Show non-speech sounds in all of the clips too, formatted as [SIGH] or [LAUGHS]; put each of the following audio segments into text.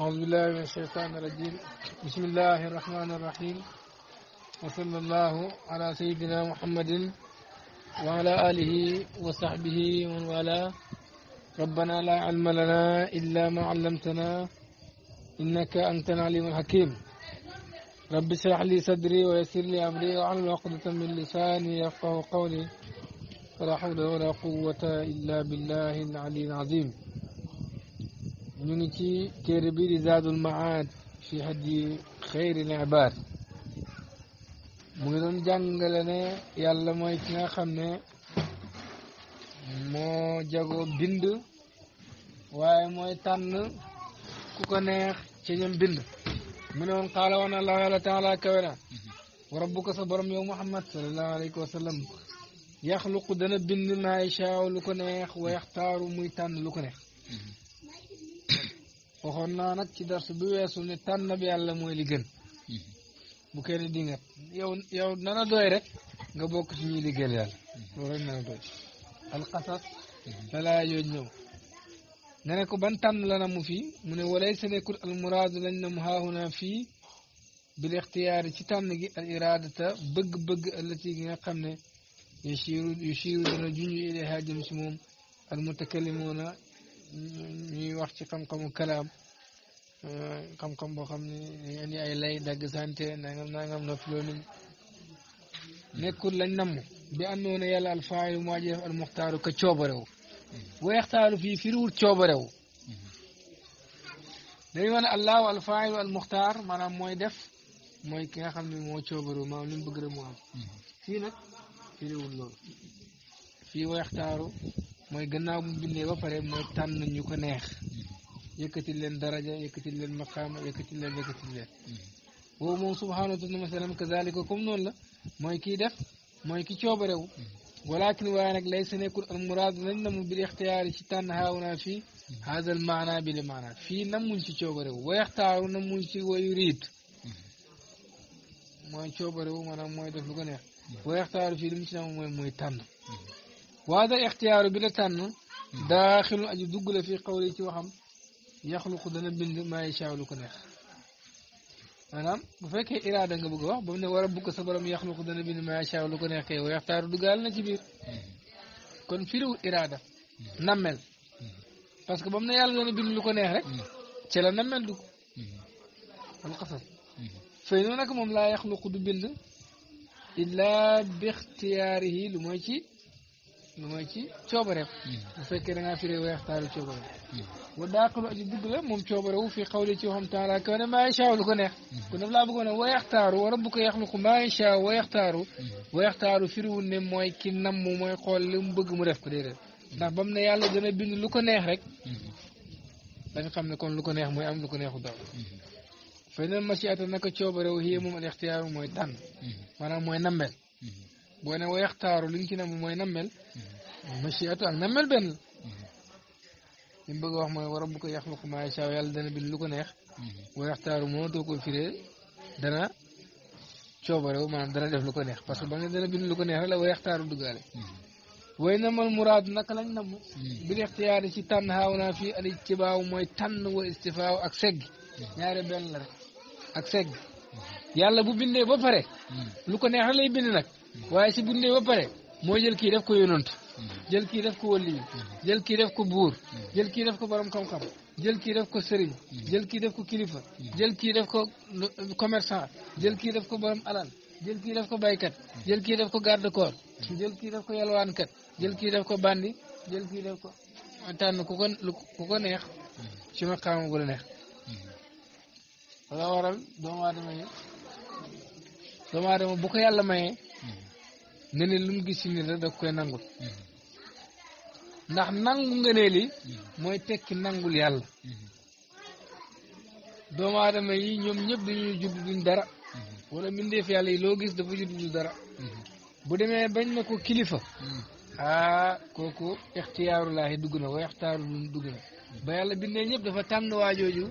أعوذ بالله من الشيطان الرجيم بسم الله الرحمن الرحيم وصلى الله على سيدنا محمد وعلى آله وصحبه ومن والاه ربنا لا علم لنا إلا ما علمتنا إنك أنت العليم الحكيم رب اشرح لي صدري ويسر لي أمري واعمل عقدة من لساني يفقه قولي فلا حول ولا قوة إلا بالله العلي العظيم ñu ngi ci téere bi di zaadul maad fi hadyi xayril ibaad mu ngi doon jàngale ne yàlla mooy ki nga xam ne moo jagoo bind waaye mooy tànn ku ko neex ci ñam bind mu ne woon xaala woon allahu yàlla taala na wa rabbuka sa borom yow muhammad salallahu alayhi mu sallam yaxluqu dana bind maa yashaa lu ko neex wa yaxtaaru muy tànn lu ko neex waxoon naa nag ci dars bi weesu ne tànn bi yàlla mooy li gën bu kenn dingat yow yow nana doy rek nga bokk ci ñuy liggéeyal yàlla loolu rek nana doy alxasas balaa yooyu ñëw nga ne ko ban tànn la namu fii mu ne walay sa nekkul almuraadu lañ na mu haahuna fii bil ixtiyaari ci tànn gi al iradata bëgg-bëgg allati gi nga xam ne yushiru yushiru dana junj ilayha jëm si moom al mutakallimoona ñuy wax ci xam-xamu kalaam xam-xam boo xam ni dañuy andi ay lay dagg sante nangam nangam na filoo ni nekkul lañ namm bi àndoon yàlla alfaayu moo jëf almuxtaaru ka coobarew weextaaru fii firiwut coobarew dañu wax ne allahu alfaayu almuxtaar maanaam mooy def mooy ki nga xam ne moo coobarew maanaam li mu bëgg rek mu am fii nag firiwut loolu fii weextaaru mooy gannaaw mu bindee ba pare mooy tànn ñu ko neex yëkkati leen daraja yëkkati leen maqaama yëkkati leen yëkkati leen boobu moom subhaanahu wa taala kazalika comme noonu la mooy kii def mooy ki coobarewu walakin waaye nag lay sa nekkul al muraad lañ namu bil ixtiyaari ci tànn haawunaa fii haazal maana bi li maana fii namuñ ci coobarewu wa yaxtaaru namuñ ci wayu riit mooy coobarewu maanaam mooy def lu ko neex wa yaxtaaru fii li mu ci nam mooy mooy tànn وهذا اختيار bi la tànn daaxilu aji dugg la fii xawli ci waxam yaxluqu dana bind maa yashaa lu ko neex maanaam bu fekkee iraada nga bëgg a wax ba mu ne war a bugg sa borom yaxluqu dana bind maa yashaa lu ko neex kay wa yaxtaaru duggaal na ci biir kon firiwul iraada nammel parce que ba mu ne yàlla dana bind lu ko neex rek ci la nammel dugg wal qasas fay noonu nag moom laa yaxluqu du bind illaa bi ixtiyaarihi lu mooy ci lu mooy ci coobare bu hmm. fekkee da ngaa firee weextaaru coobare hmm. wa daaqalu aji dugg moom coobare wu fi xawli ci waxam taala kaw ne maa yashaa lu ko neex hmm. kon daf laa bëggoon a weextaaru wa rabbuka yaxluqu maa yashaa weextaaru weextaaru firiwul ne mooy mooy xool li mu bëgg mu def ko déedéet ndax bam ne yàlla dana bind lu ko neex rek dañ xam ne kon lu ko neex mooy am lu ko neexu daw fay ma machiata naka coobare wu hiya moom al ixtiyaaru mooy tànn maanaam mooy nammeel boo ne wa yaxtaaru li ñu ci nam mooy nammel machiatu ak nammel benn la li bëgg a wax mooy wa rabbuka yaxluqu maa yashaa yàlla dana ko neex wa yaxtaaru moo doo ko firee dana coobare wu def lu ko neex parce que ba dana bind lu ko neex rek la wa yaxtaaru duggaale way namal muraad naka lañ namm bil ixtiyaar ci mooy tànn wa istifaaw ak segg ñaare benn ak segg yàlla bu bindee ba pare lu ko neex rek lay bind nag waaye si bundee ba pare moo jël kii def ko yonant jël kii def ko wëlliyu jël kii def ko buur jël kii def ko borom xam-xam jël kii def ko sëriñ jël kii def ko kilifa jël kii def ko commerçant jël kii def ko borom alal jël kii def ko baykat jël kii def ko garde corps jël kii def ko yalwaankat jël kii def ko bandi jël kii def ko tànn ku ko ku ko neex ci ma xaama gu la neex wala waral doomu aadama yi doomu aadama ko yàlla mayee nga ne lu mu gis ci nit rek da koy nangul ndax nangu nga ne li mooy tekki nangul yàlla doomu adama yi ñoom ñëpp dañuy judd duñ dara wala mbindeef yàlla yi loo gis dafa judd du dara bu demee bañ na ko kilifa ah kooku ixtiyaaru laahi dugg na ko ixtiyaaru dugg na ba yàlla bindee ñëpp dafa tànn waajooju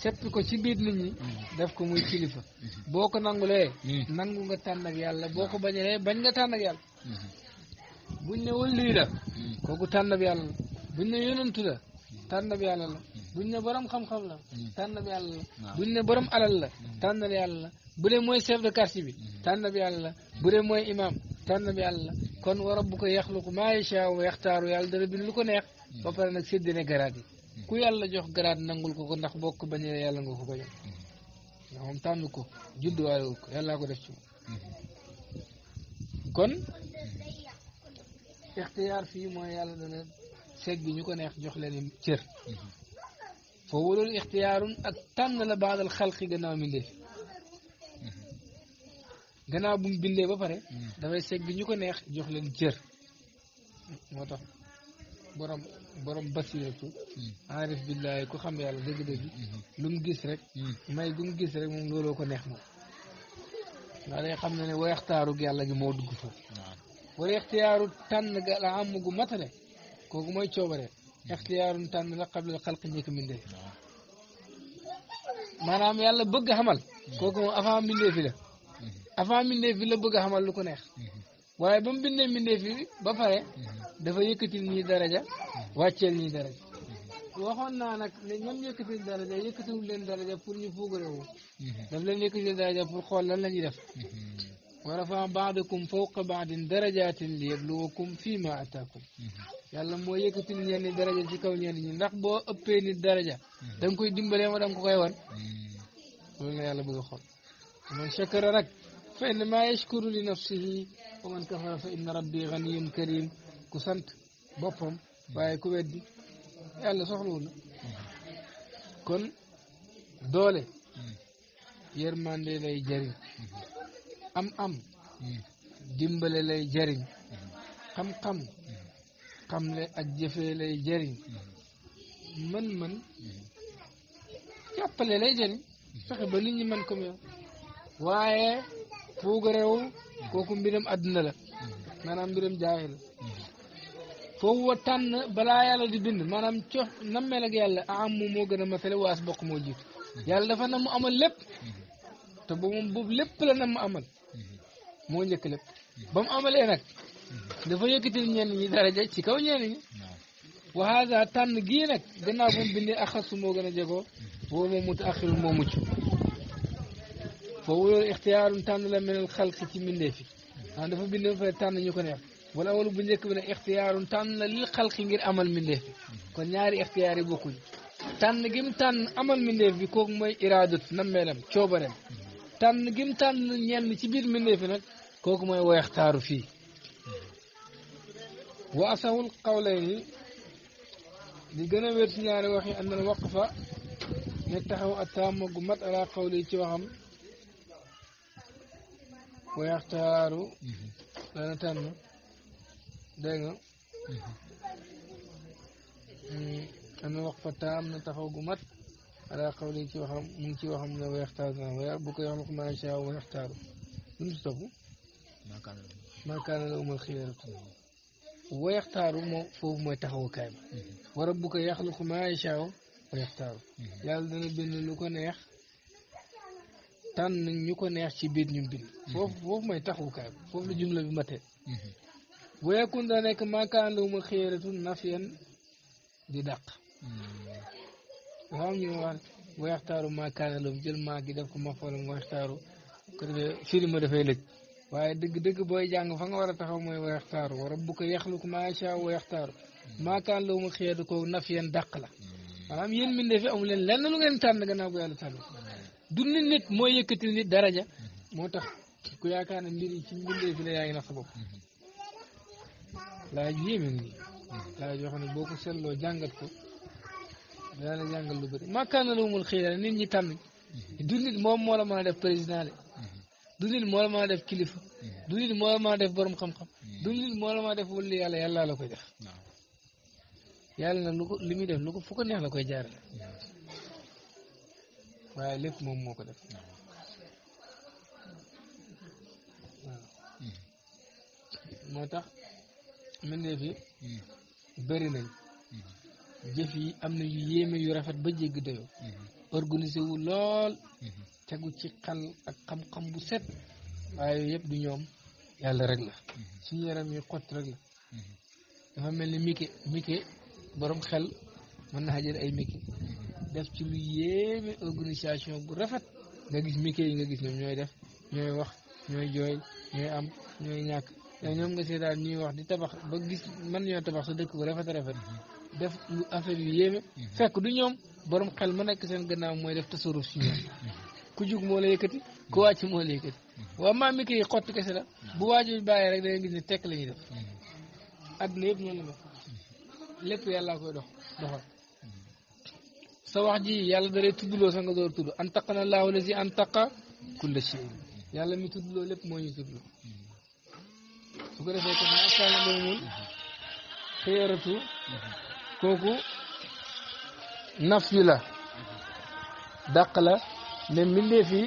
seppi ko ci biir nit ñi def ko muy kilifa boo ko nangulee nangu nga tànn yàlla boo ko bañalee bañ nga tànn yàlla buñ ne wëlliyi la kooku tànn ak yàlla la buñ ne yàlla la buñ ne borom xam-xam la tànn ak yàlla la buñ ne borom alal la tànn yàlla la bu dee mooy chef de quartier bi tànn ak yàlla la bu de mooy imam tànn yàlla la kon wa rabbuka ko maa yashaa wa yaxtaaru yàlla dara bind lu ko neex ba pare nag séddine garaat yi ku yàlla jox garaat nangul ko ko ndax bokk bañee yàlla nga ko bañal mm-hmm. ndax moom tànn ko judduwaale ko yàllaa ko def ci mm-hmm. kon mm-hmm. ixtiyaar fii mooy yàlla dana seeg bi ñu ko neex jox leen cër foofu ak tànn la baadal xalqi gannaaw mbindee gannaaw bindee ba pare dafay seeg bi ñu ko neex jox leen cër moo tax borom borom basiratu arif billahi ku xam yàlla dëgg-dëgg mm-hmm. lu mu gis rek mm-hmm. may gu mu gis rek moom looloo ko neex ma ndax day xam ne ne wayaxtaaru yàlla gi moo dugg foofu wala ixtiyaaru tànn ga la am gu matale kooku mooy coobare mm-hmm. ixtiyaarun tànn la qabla xalq njëkk mbindee maanaam yàlla bëgg xamal kooku moom avant mbindee fi la avant mbindee fi la bëgg xamal lu ko neex waaye ba mu bindee mbindee fi ba pare dafa yëkkatil nii daraja wàcceel nii daraja waxoon naa nag ne ñoom yëkkatil daraja yëkkatiwul leen daraja pour ñu fuugarewu daf leen yëkkatil daraja pour xool lan la ñuy def wa rafaa baadakum fawqa baadin darajatin li yabluwakum fii ma ataakum yàlla moo yëkkatil ñenn ñi daraja ci kaw ñenn ñi ndax boo ëppee nit daraja da nga koy dimbalee ma da nga ko koy wan loolu la yàlla bëgg a xool man shakara rek fa innama yashkuru li nafsihi wa man kafara fa inna rabbi ganiyun karim ku sant boppam waaye ku weddi yàlla soxlawul la kon doole yërmande lay jariñ am am dimbale lay jariñ xam-xam xamle ak jëfee lay jariñ mën man jàppale lay jariñ fexe ba nit ñi mën comme yow waaye fuugarewu kooku mbiram àdduna la maanaam mbiram jaahi la foofu tànn balaa yàlla di bind maanaam cox nammeel ak yàlla am moom moo gën a masale waas bokk moo jiitu yàlla dafa nam mu amal lépp te ba moom boobu lépp la nam mu amal moo njëkk lépp ba mu amalee nag dafa yëkkatil ñenn ñi daraja ci kaw ñenn ñi waxaasa tànn gii nag gannaaw ba mu bindee ak xasu moo gën a jegoo boobu moom mut axirul moo mucc foofu loolu ixtiyaarum tànn la menel xalqi ci mbindee fi dafa bind fa tànn ñu ko neex ولول بنيك من اختيار تان للخلق غير امل من ده كون اختيار بوكو تان جيم تان امل من ده بكوك موي اراده نملم تشوبرم تان جيم تان نين سي من ده نك كوك موي وي في واسه القولين دي غنا ويرت نياري وخي ان الوقفه نتحو التام غمت على قولي تي ويختار لا نتنو dégg nga mm-hmm. Mm-hmm. Mm-hmm. am na wax fataa am na taxaw gu mat ala xawli ci waxam mu ngi ci waxam ne weextaaru na waaye bu ko yaxluqu maa yashaa wa yaxtaaru lu mu si topp maa kaana lahumul xiyaratu wa yaxtaaru moom foofu mooy taxawukaay ba wa rabbuka yaxluqu maa yashaa wa yaxtaaru yàlla dana bind lu ko neex tànn ñu ko neex ci biir ñu bind foofu foofu mooy taxawukaay ba foofu la jumla bi matee bu yekkoon da nekk maakaan la mu xéeratu nafiyan di dàq. Hmm. waaw ñu ne wax waxtaaru maakaan la mu jël maa gi def ko ma foolam waxtaaru ko defee firi ma lëj waaye dëgg-dëgg booy jàng fa nga war a taxaw mooy waxtaaru wa rabbuka yaxluqu maa yashaa wa yaxtaaru maakaan hmm. la mu xéeratu ko nafiyan dàq la hmm. maanaam yéen mbindee fi amu leen lenn lu ngeen tànn gannaaw bu yàlla tànn du nit nit mooy yëkkatil nit daraja moo tax ku yaakaar ne mbir yi ci mbindee fi la yaa ngi nax sa bopp laaj yéeme nii laaj yoo xam ne boo ko seetloo jàngat ko daa la jàngal lu bëri makkaana luumul xiira nit ñi tànn du nit moom def président de du nit moo def kilifa du nit moo def borom xam-xam du nit moo la def wëlli yàlla yàlla la koy def yàlla nag lu def lu ko fu ko neex la koy jaarale waaye lépp moom moo ko def moo tax mbindeef yi mm-hmm. bëri nañ mm-hmm. jëf yi am na yu yéeme yu rafet ba jéggi dayoo mm-hmm. organisé wu lool tegu ci xel ak xam-xam bu set waaye yëpp du ñoom yàlla rek la suñu yaram yi xott rek la dafa mel ni mike mike boroom xel mën na xajal ay mike def ci lu yéeme organisation bu rafet nga gis mike yi nga gis ñoom ñooy def ñooy wax ñooy jooy ñooy am ñooy ñàkk yow ñoom nga seetaan ñuy wax di tabax ba gis man ñoo tabax sa dëkk bu rafet a rafet mhm. def affaire yu yéeme mhm. fekk du ñoom boroom xel ma nekk seen gannaaw mooy def tasaruf si ñoom mhm. ku jug moo la yëkkati ku wàcc moo la yëkkati waaw maam mi kii xott kese la bu waajur bàyyee rek da ngay gis ne tekk la ñuy def adduna yëpp noonu la lépp yàllaa koy dox doxal sa wax ji yàlla daree tuddloo sa nga door tudd an na laaw la si an taqa kulla yàlla mi tuddloo lépp moo ñu tuddloo bu ko defee kon maa kaana kooku nafsi la la ne mbindeef yi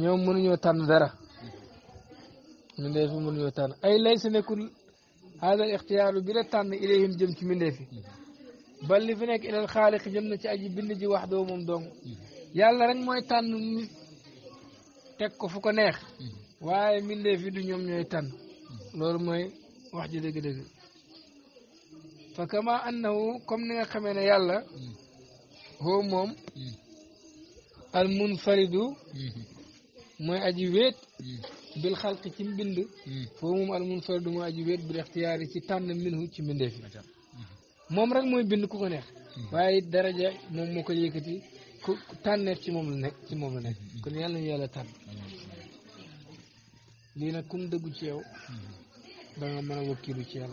ñoom mënuñoo tànn dara mbindeef yi mënuñoo tànn ay lay sa nekkul haadal ixtiyaaru bi la tànn ilayhim jëm ci mbindeef yi bal li fi nekk ilal xaaliq jëm na ci aji bind ji wax doo moom dong yàlla rek mooy tànn teg ko fu ko neex mm-hmm. waaye mbindeef du ñoom ñooy tànn loolu mooy wax ji dëgg-dëgg fa kama annahu comme ni nga xamee ne yàlla hoo moom al munfaridu mooy aji wéet bil xalq ci mbind foo moom al munfaridu mooy aji wéet bil ixtiyaari ci tànn minhu ci mbindeef yi moom rek mooy bind ku ko neex waaye daraja moom moo ko yëkkati ku tànneef ci moom la nekk ci moom la nekk kon yàlla na yàlla tànn lii nag kum dëggu ci yow بما من وكيل كيلا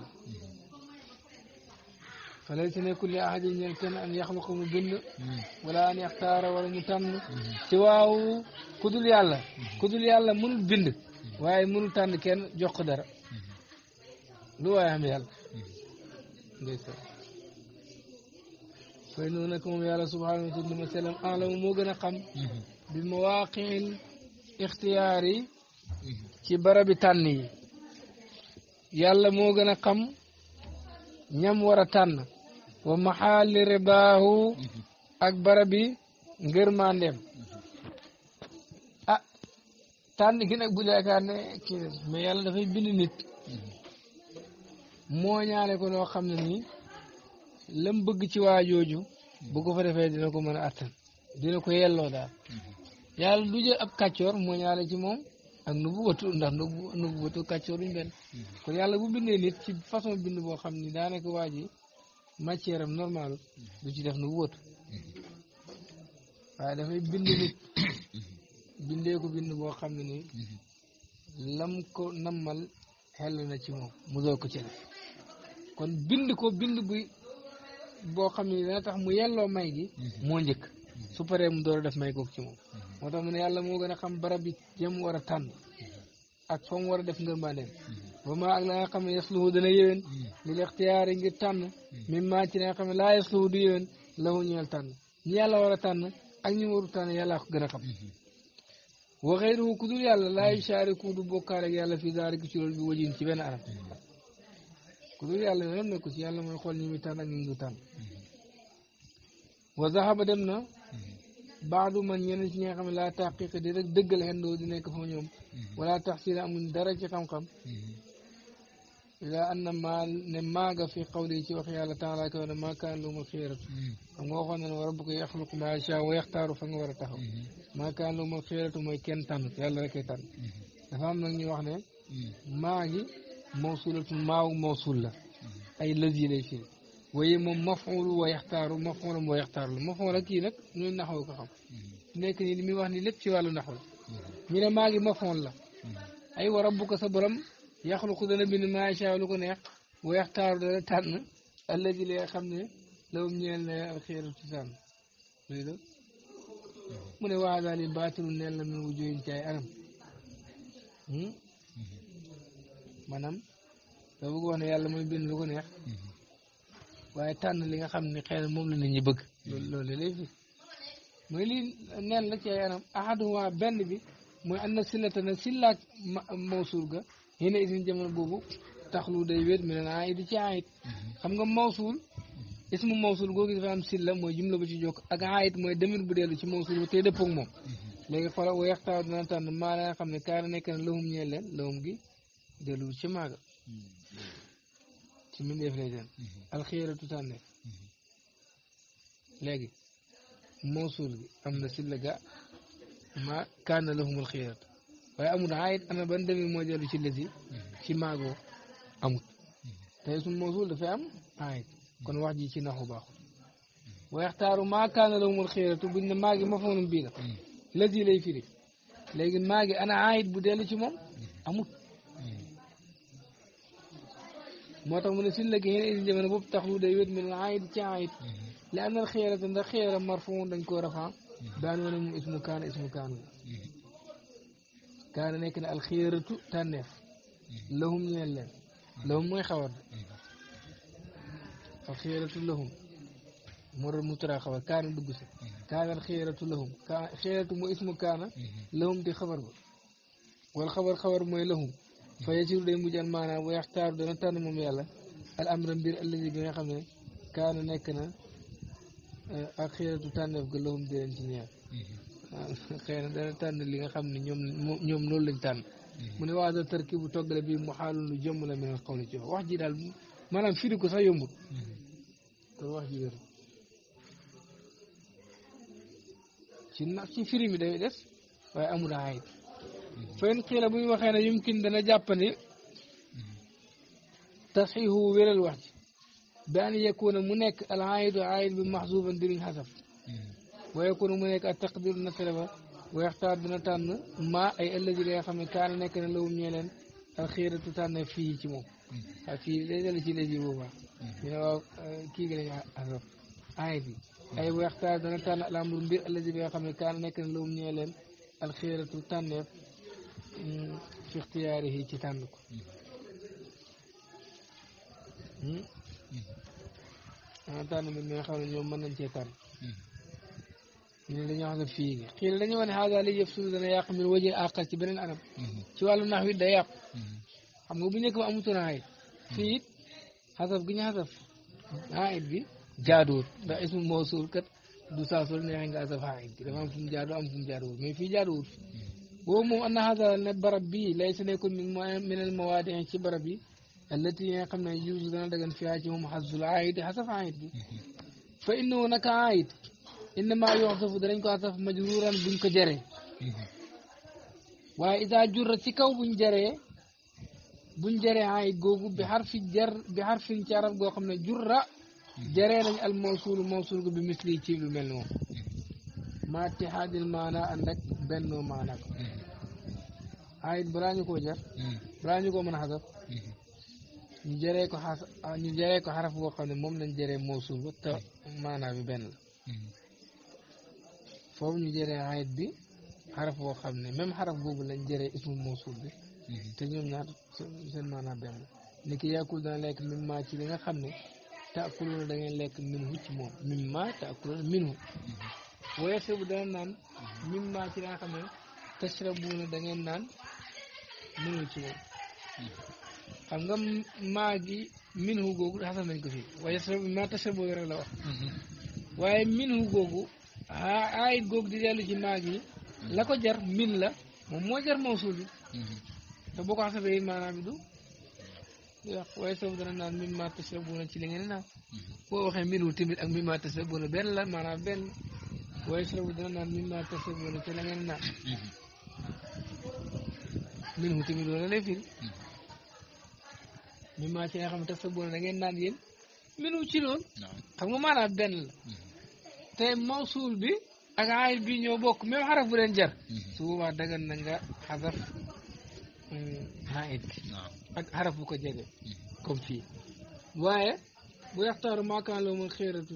فليس لكل احد يمكن ان يخلق مبن ولا ان يختار ولا ان يتم سواه كدل يالا كدل يالا من بن واي من تان كين جوخ دار لو يا ام يالا فإنكم يا رسول سبحانه وتعالى مثلاً أعلم موغنا قم بمواقع الاختيار كبر بتاني yàlla moo gën a xam ñam war a tànn wa maxaali ribaahu ak barabi ngër mandem ah tànn ki nag bu yaakaar ne kii mais yàlla dafay bind nit moo ñaale ko loo xam ne nii lam bëgg ci waajooju jooju fa defee dina ko mën a attan dina ko yelloo daal yàlla du jël ab kàccoor moo ci moom ak nubuwatu ndax nubu nubuwatu kàccoo duñ benn mm-hmm. kon yàlla bu bindee nit ci façon bind boo xam ni daanaka waa ji matière am normal mm-hmm. du ci def nubuwatu mm-hmm. waaye dafay bind nit [COUGHS] bindee ko bind boo xam ne ni lam ko nammal xel na ci moom mu doog ko ci kon bind ko bind buy boo xam ne dana tax mu yelloo may gi moo njëkk su paree mu door a def may googu ci moom mhm. moo tax mu yàlla moo gën a xam barab bi jëm war a tànn mhm. ak fa mu war a def ngërmandeem ba mhm. ma ak la nga xam ne yasluhu dana yéwén li lixtiyaar yi ngir tànn même maa ci nga xam ne laa yasluhu du yéwén la mu yàlla war tànn ak ñi waru tànn yàllaa ko gën a xam wa xeyruhu ku dul yàlla laa yushariku du bokkaale yàlla fii zaalika ci loolu bi wajin ci benn anam ku dul yàlla yoonam nekku yàlla mooy xool ñi muy tànn ak ñi du tànn wa zahaba dem na بعض من ينس نيخم لا تحقيق دي رك دقل هندو دي نيك فونيوم ولا تحصيل أمون درجة خم خم إلا أن ما نماغ في قولي تي وخي الله تعالى كون ما كان لهم الخيرة أم وخونا وربك يخلق ما شاء ويختار فنورته ما كان لهم الخيرة وما يكن تنف يالا ركي تن نفهم نغني وخنا ماغي موصولة ماو موصولة أي الذي ليش waaye moom mafuulu wa yaxtaaru mafuulam wa yaxtaaru la mafuul ak kii nag ñun naxaw ko xam mm-hmm. nekk nii li muy wax ni lépp ci wàllu naxu la mm-hmm. ñu ne maa ngi mafuul la mm-hmm. ay wa rabbuka sa borom yaxluqu dana bind maa shaa lu ko neex wa yaxtaaru dana tànn alladi li nga xam ne lawum ñeel na alxeeratu tànn luy la mu ne waa daal yi baatilu neen la min wujuhin ci ay anam hmm? maanaam doo bëgg wax ne yàlla mooy bind lu ko neex waaye tànn li nga xam ne xëy moom la nit ñi bëgg hmm. loolu loolu lay fi mooy lii neen la ci anam ahaduma benn bi mooy an na sillata na sillaak mawsul ga yéen a isin jamono boobu taxlu day wéet mi ne naa idi ci ayit hmm. xam nga mawsul ismu mawsul googu dafa am silla mooy jumla ba ci jokk ak ayit mooy demir bu dellu ci mawsul ba tey dëppoog moom hmm. léegi xoolal wa yaxtaa xam ne kaara nekk na lëhum ñeel leen lëhum gi dellu ci maaga mbindeef lay doon alxiyaratu tànneef léegi mawsuul gi am na silla ga ma kaana lahumul xiyaratu waaye amul aayit ana ban demi moo jëlu ci lesi ci maagoo amut tey suñ mawsuul dafay am aayit kon wax ji ci naxu baaxul wa yaxtaaru maa kaana lahumul xiyaratu buñ ne maagi ma foonum bii la lesi lay firi léegi maagi ana aayit bu dellu ci moom amut موتو من سيل لغين اذن جمن بوب تخلو ديوت من العائد تعايد لأن الخيارة تند خيارة مرفوع دنكو رفع بان ونم اسم كان اسم كان كان نيكن الخيارة تنف لهم يلا لهم ما يخوض الخيارة لهم مر مترا خبر كان دغس كان الخيرة لهم كان خيرة مو اسم كان لهم دي خبر والخبر خبر مو لهم فيجر لي مجان مانا ويختار دون تان مميلا الامر بير الذي بما خمي كان نكنا آه، اخيرا تان نف غلوم دين دنيا آه، دون تان لي خمي نيوم نيوم لول من واد التركيب توغل بي محال جمله من القول جو وحجي دال مانام فيدو سا يومو تو وحجي غير ci na ci firi mi day def waaye amul فإن قيل أبو يوخينا يمكن دنا جابني تصحيه ويل الوحج بأن يكون منك العائد عائد بمحزوبا دين الهدف ويكون منك التقدير نسلبا ويختار دنا تان ما أي الذي لا يخمي كان نكن لو ميلن الخيرة تان فيه كمو في ليلة لكي نجيبه ما يعني كي قال الهدف عائد أي ويختار دنا تان الأمر الذي لا يخمي كان نكن لو ميلن الخيرة تان فيه fi ixtiyaarihi ci tànn ko ah tànn bi nga xam ne ñoom mën nañ cee tànn ñun dañoo xam ne fii nii xëy dañu wax ne xaaral liy yëf suuf min waje àqal ci beneen anam. ci wàllu nax wi day yàqu. xam nga bu njëkk ba amutoon gi ñu xasaf aayit bi jaaduwul ndax ismu mawsuul kat du saa su neexee nga xasaf dafa am fu mu jaadu am fu بومو أن هذا بربي ليس ليكون من من المواد يعني بربي التي يعني قمنا يجوز لنا دغن فيها هم حظ العيد حسب عائد [LAUGHS] فإنه هناك عيد إنما يعطف درنك عطف مجرورا بنك جري [LAUGHS] وإذا جر سكو بن جري بن جري عيد جوجو بحرف جر بحرف تعرف جو قمنا جر [LAUGHS] جري الموصول الموصول بمثلي تشيب الملموم ma ittihaadil maana ànd ak bennoo maana ko ayit balaa ñu koo jar balaa ñu koo mën a xasaf ñu jëree ko xas ñu jëree ko xaraf boo xam ne moom lañ jëree mawsuul ba te maanaa bi ñu jëree ayit bi xaraf boo xam ne même xaraf boobu lañ jëree ismu mawsuul bi te ñoom ñaar seen maanaa benn ni ki yàkkul dana lekk min maa ci li nga xam ne taakuluna da ngeen lekk minhu ci moom min maa taakuluna minhu waaye sëbu dana naan min maa ci laa xam ne tashrabuuna da ngeen naan mënul ci moom xam nga maa gi googu xasal nañ ko fii waaye sëbu maa tashrabuuna rek la wax waaye min hu googu aa aayit googu di dellu ci maa la ko jar min la moom moo jar mawsuul bi te boo ko xasabee maanaam bi du yàq waaye sëbu dana naan min maa tashrabuuna ci li ngeen naan boo waxee min hu tamit ak min maa tashrabuuna benn la maanaam benn waaye si la bu dana naan min maa tase wala ca la naan min hu tamit loolu lay firi min maa ci nga xam ne tase wala naan yéen min hu ci loolu xam nga maanaam benn la te mawsuul bi ak ayib bi ñoo bokk même xaraf bu leen jar su boobaa dagan na nga xasaf ayib ah, bi ak xaraf bu ko jege comme fii waaye ¿eh? bu yaxtaaru maakaan loo mën xéeratu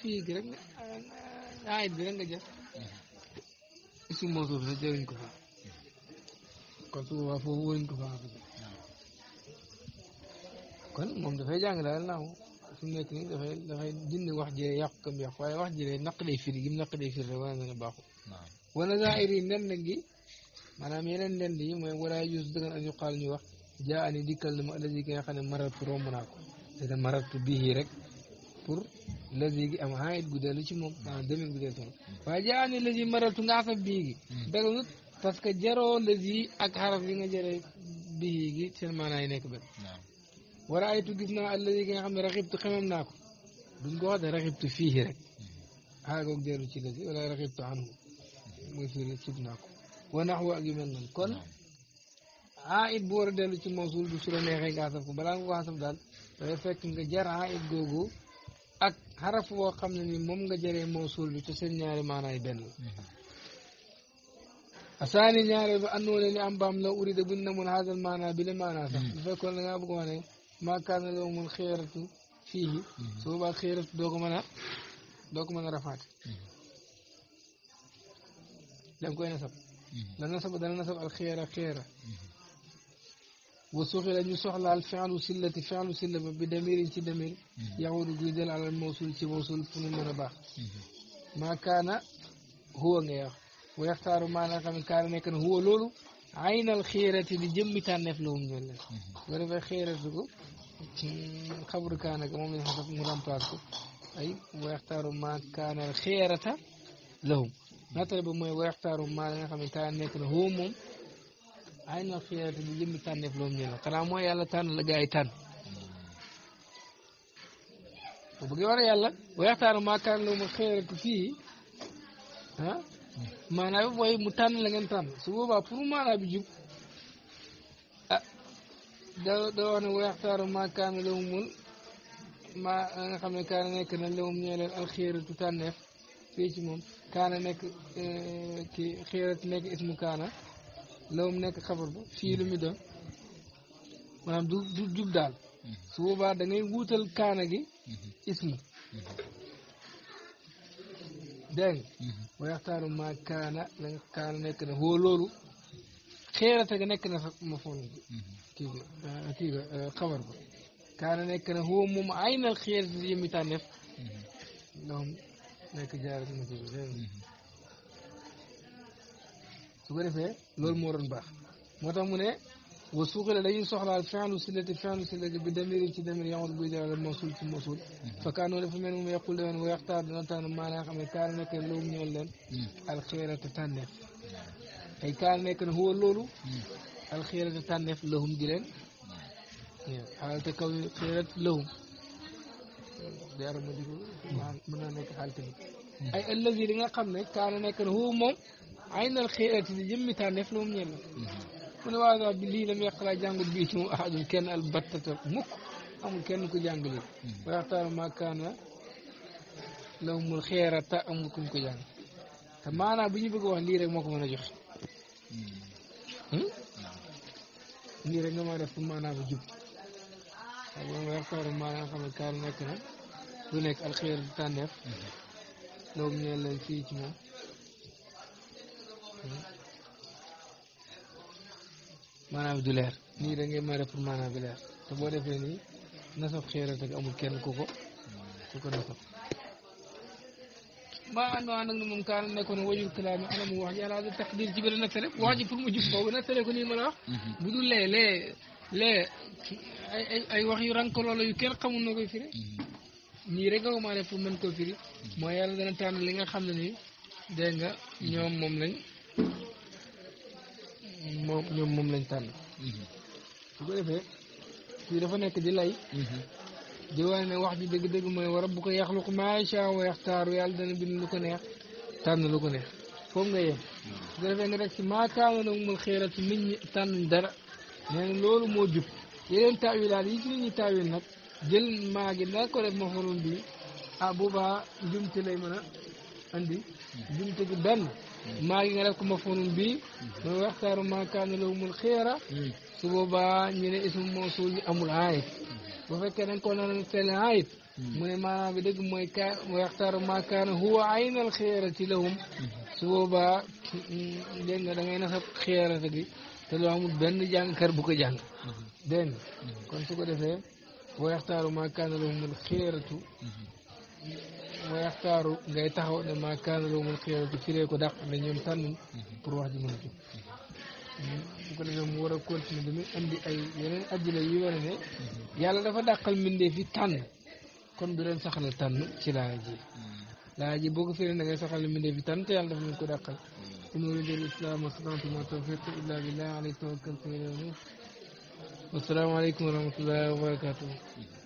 fii gi rek ayit bi rek nga jëf si ko fa kon su boobaa foofu wëriñ ko fa kon moom dafay jàng daal naaw su nekk nii dafay dafay dindi wax jëlee yàqu kam yàqu waaye wax jëlee naq day firi gim naq day firi rek wana na ne baaxul wana na gi maanaam yeneen nen di mooy walaa yus dëggan ak ñu xaal wax jaa ani dikkal na ma allazi ki nga xam ne maratu romb naa ko te maratu bii rek pour lazi gi am ci moom maanaam demin guddeel ci moom waaye jaa ni lazi maraltu nga afab bii hmm. parce que jaroo lazi ak xaraf yi nga jëre bii gi nekk benn wara ay tu gis naa allazi gi nga xam ne raxibtu xemam naa ko duñ ko wax hmm. ci lazi wala raxibtu anhu mooy ci mawsul du su la neexee nga fekk nga jar aayit googu xaraf woo xam ne ni moom nga jëlee mawsuul bi te seen ñaari maanaay benn la mm-hmm. asaani ñaare ba àndoon ne am baam la urida buñ namoon haasal maanaa bi la maanaa sax mm-hmm. bu fekkoon da ngaa bëgg wax ne kaana loo mun fii su boobaa xeeratu doo ko mën a doo ko mën a rafaate mm-hmm. koy nasab dana nasab al xeera xeera وصغر أن يصحل الفعل سلة فعل سلة بدمير سدمير يعود جيدل على الموصول سموصول فنون ربا ما كان هو غير ويختار ما نقى من كان يكن هو لولو عين الخيرة دي جمي تانف لهم جل غرفة خيرة دي خبر كان مؤمن حسب مرام تاركو أي ويختار ما كان الخيرة لهم نطلب ما ويختار ما نقى من كان يكن هو ay na xiyaate bi jëmmi tànneef la xanaa mooy yàlla tànn la gaa yi tànn bu bëggee war yàlla waxtaanu maakaan la ma xëyratu mu tànn la ngeen tànn su boobaa pour maanaa bi jub ah da da wax ne waxtaanu maakaan la mul ma nga xam ne kaana nekk na lewum ñee leen al xëyratu tànneef fii law mu nekk xabar ba fii lu mu doon maanaam du du jub daal su boobaa da ngay wuutal kaana gi ismu dégg nga wa yaxtaaru maa kaana la nga kaana nekk na woo loolu xeerata ga nekk na fa ma fool kii ga kii ga xabar ba kaana nekk na woo moom aynal xeerata yëmi tànneef loom nekk jaarati ma kii ga dégg nga su ko defee loolu moo doon baax moo tax mu ne wa suuxale dañuy soxlaal fenlu sillati fenlu sillati bi demiri ci demir yamut buy jalal mawsul ci mawsul fakkaanoo dafa mel mu yàqul leen wa yaxtaar dana tànn maanaa xam ne kaal nekk loolu ñëwal leen alxeerata tànneef ay kaal nekk na huwa loolu alxeerata tànneef lahum di leen xaalte kaw xeerat lahum dara ma diko mën naa nekk xaalte bi ay ëllëg yi di nga xam ne kaal nekk na huwa moom ay nal xiirati di jëmmi tànneef la moom ñenn mu ne waaw daal bi lii la muy xalaat jàngut bii ci mu ahadum kenn al mukk amul kenn ku jàng lii hmm. waxtaan maakaana lawmul xeerata amul kuñ ko jàng ñu bëgg lii rek moo ko mën a joxe hmm. Hmm? lii rek nga ma def pour maanaam bu jub waaw loolu waxtaan maanaam xam nekk na lu nekk alxeer tànneef loolu ñeel leen fii ci moom Hmm. maanaam du leer nii da ngay mere pour maanaam bi leer te boo defee nii nasab xéeral te amul kenn ku ko ku ko nasab maa ànd waa nag moom kaan nekkoon wajul wax ji alaada taqdir ci bële nattale wax ji pour mu jub boobu nattale ko nii ma la wax mm-hmm. bu dul lee lee ay wax yu rank loola yu kenn xamul noo koy firi mm-hmm. nii rek nga ko maanee pour mën koo firi mm-hmm. mooy yàlla dana tànn li nga xam ne nii dégg nga ñoom moom lañ moom ñoom moom lañ tànn mhm. su ko defee fii dafa nekk di lay mhm. di wane wax ji dëgg-dëgg mooy war a bu ko yaxluqu maa yashaa wa yaxtaaru yàlla dana bind lu ko neex tànn lu ko neex foofu nga yem su ko defee nga rek si maa kaana lahumul xeyratu nit ñi tànn dara nee loolu moo jub yeneen taawilaat yi ci nit ñi taawil nag jël maa gi ko def ma faroon bi ah boobaa njumte lay mën a andi mhm. njumte gi benn maa ngi nga def ko mafoonum bi mooy mm-hmm. waxtaaru maa kaana lahumul xiyara mm-hmm. su boobaa ñu ne ismu mawsul ñu amul aayit mm-hmm. bu fekkee dañ ko naroon seen aayit mu ne maanaam bi dëgg mooy ka waxtaaru maa kaana huwa aynal xiyarati lahum su boobaa mm, dégg nga da ngay nasab xiyarata bi te loo amul benn jàngkar bu ko jàng dégg nga kon su ko defee waxtaaru maa kaana lahumul xiyaratu mooy axtaaru ngay taxaw ne maa kaana yawmal qiyaamati firee ko dàq ne ñoom tànnuñ pour wax ji mën a jóg bu ko defee mu war a continuer dañuy indi ay yeneen ajjila yi yàlla dafa dàqal mbindeef yi tànn kon du leen saxal tànn ci laaya ji ji boo ko firee da ngay saxal mbindeef yi tànn te yàlla dafa leen ko dàqal in uriidu illal islaaha ma stata'tu wa maa tawfiiqi illaa billaah alayhi tawakkaltu wa ilayhi wa rahmatullaahi